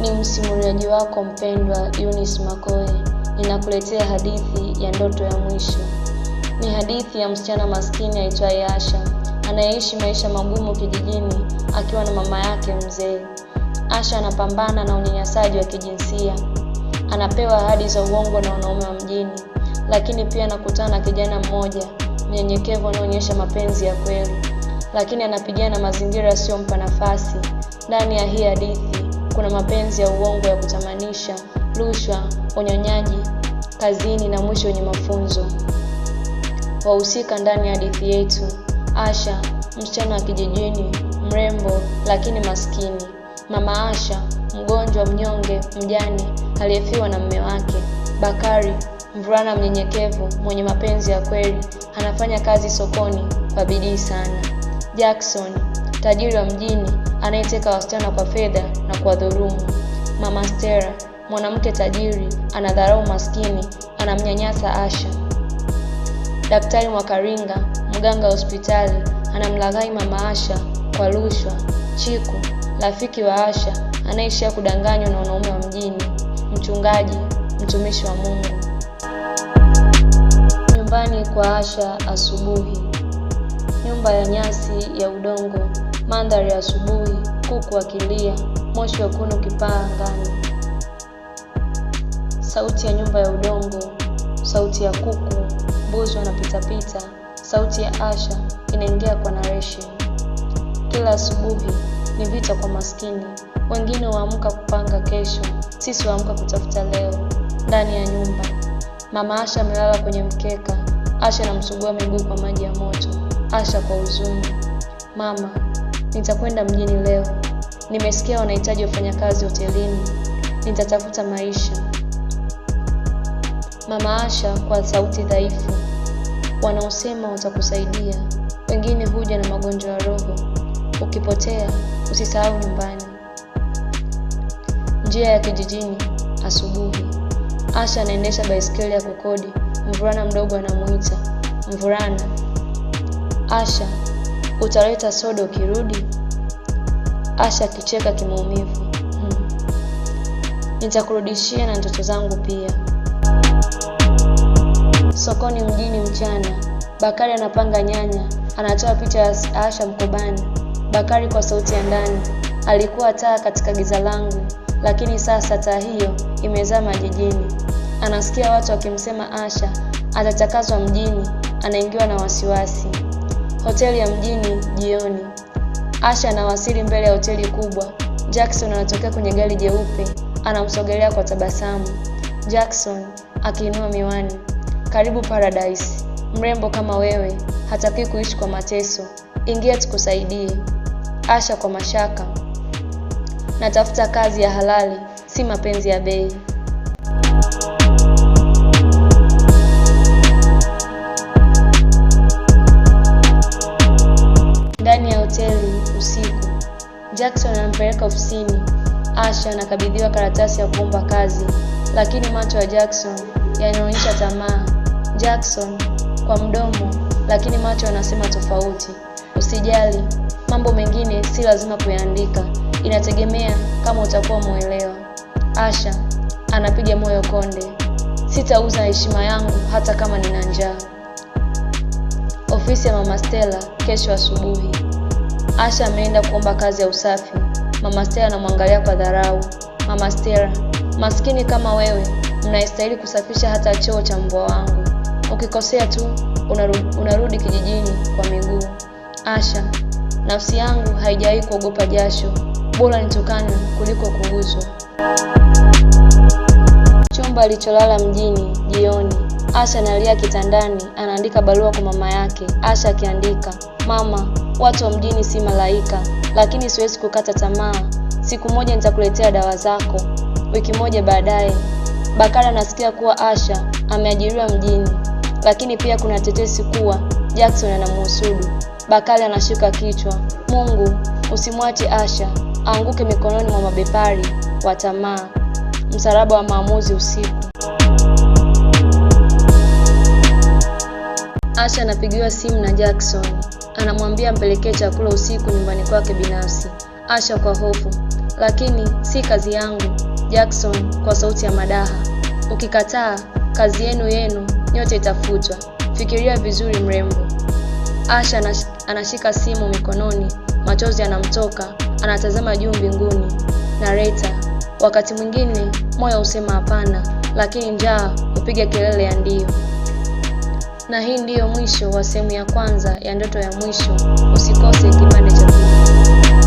Ni msimuliaji wako mpendwa Eunice Makoe. Ninakuletea hadithi ya ndoto ya mwisho. Ni hadithi ya msichana maskini aitwaye Asha anayeishi maisha magumu kijijini akiwa na mama yake mzee. Asha anapambana na unyanyasaji wa kijinsia, anapewa ahadi za uongo na wanaume wa mjini, lakini pia anakutana na kijana mmoja mnyenyekevu anaonyesha mapenzi ya kweli, lakini anapigana na mazingira yasiyompa nafasi. Ndani ya hii hadithi kuna mapenzi ya uongo ya kutamanisha, rushwa, unyonyaji kazini na mwisho wenye mafunzo. Wahusika ndani ya hadithi yetu: Asha, msichana wa kijijini mrembo lakini maskini; mama Asha, mgonjwa, mnyonge, mjane aliyefiwa na mume wake; Bakari, mvulana mnyenyekevu mwenye mapenzi ya kweli, anafanya kazi sokoni kwa bidii sana; Jackson, tajiri wa mjini anayeteka wasichana kwa fedha na dhulumu. Mama Stella, mwanamke tajiri, anadharau maskini, anamnyanyasa Asha. Daktari Mwakaringa, mganga hospitali, anamlaghai mama Asha kwa rushwa. Chiku, rafiki wa Asha, anayeshia kudanganywa na wanaume wa mjini. Mchungaji, mtumishi wa Mungu. Nyumbani kwa Asha asubuhi. Nyumba ya nyasi ya udongo Mandhari ya asubuhi, kuku akilia, moshi wekundu ukipaa angani, sauti ya nyumba ya udongo, sauti ya kuku, mbuzi wanapitapita, sauti ya Asha inaingia kwa narration. Kila asubuhi ni vita kwa maskini, wengine waamka kupanga kesho, sisi waamka kutafuta leo. Ndani ya nyumba, mama Asha amelala kwenye mkeka, Asha anamsugua miguu kwa maji ya moto, Asha kwa huzuni, mama Nitakwenda mjini leo, nimesikia wanahitaji wafanyakazi hotelini, nitatafuta maisha. Mama Asha kwa sauti dhaifu, wanaosema watakusaidia wengine huja na magonjwa ya roho. Ukipotea usisahau nyumbani. Njia ya kijijini, asubuhi. Asha anaendesha baiskeli ya kukodi. Mvulana mdogo anamuita, mvulana Asha utaleta soda ukirudi? Asha akicheka kimaumivu. Hmm. Nitakurudishia na ndoto zangu pia. Sokoni mjini mchana, Bakari anapanga nyanya, anatoa picha ya Asha mkobani. Bakari kwa sauti ya ndani, alikuwa taa katika giza langu, lakini sasa taa hiyo imezama jijini. Anasikia watu wakimsema Asha atatakazwa mjini, anaingiwa na wasiwasi. Hoteli ya mjini jioni. Asha anawasili mbele ya hoteli kubwa. Jackson anatokea kwenye gari jeupe, anamsogelea kwa tabasamu. Jackson akiinua miwani. Karibu Paradise. Mrembo kama wewe hataki kuishi kwa mateso. Ingia tukusaidie. Asha kwa mashaka. Natafuta kazi ya halali, si mapenzi ya bei. usiku. Jackson anampeleka ofisini. Asha anakabidhiwa karatasi ya kuomba kazi, lakini macho ya Jackson yanaonyesha tamaa. Jackson kwa mdomo, lakini macho yanasema tofauti. Usijali, mambo mengine si lazima kuyaandika, inategemea kama utakuwa mwelewa. Asha anapiga moyo konde, sitauza heshima yangu hata kama nina njaa. Ofisi ya mama Stella kesho asubuhi. Asha ameenda kuomba kazi ya usafi. Mama Stella anamwangalia kwa dharau. Mama Stella, maskini kama wewe mnaistahili kusafisha hata choo cha mbwa wangu. Ukikosea tu unarudi kijijini kwa miguu. Asha, nafsi yangu haijawahi kuogopa jasho, bora nitukane kuliko kuguzwa. Chumba alicholala mjini jioni. Asha analia kitandani, anaandika barua kwa mama yake. Asha akiandika, mama, watu wa mjini si malaika, lakini siwezi kukata tamaa. Siku moja nitakuletea dawa zako. Wiki moja baadaye, Bakari anasikia kuwa Asha ameajiriwa mjini, lakini pia kuna tetesi kuwa Jackson anamhusudu. Bakari anashika kichwa. Mungu, usimwache Asha aanguke mikononi mwa mabepari wa tamaa. Msalaba wa maamuzi usiku. Asha anapigiwa simu na Jackson, anamwambia ampelekee chakula usiku nyumbani kwake binafsi. Asha kwa hofu, lakini si kazi yangu. Jackson kwa sauti ya madaha, ukikataa kazi yenu yenu nyote itafutwa, fikiria vizuri mrembo. Asha anashika simu mikononi, machozi yanamtoka, anatazama juu mbinguni na Reta. Wakati mwingine moyo husema hapana, lakini njaa hupiga kelele ya ndio. Na hii ndiyo mwisho wa sehemu ya kwanza ya Ndoto ya Mwisho. Usikose kipande cha pili.